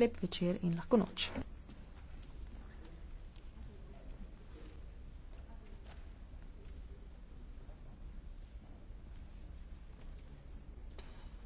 Lep večer in lahko noč.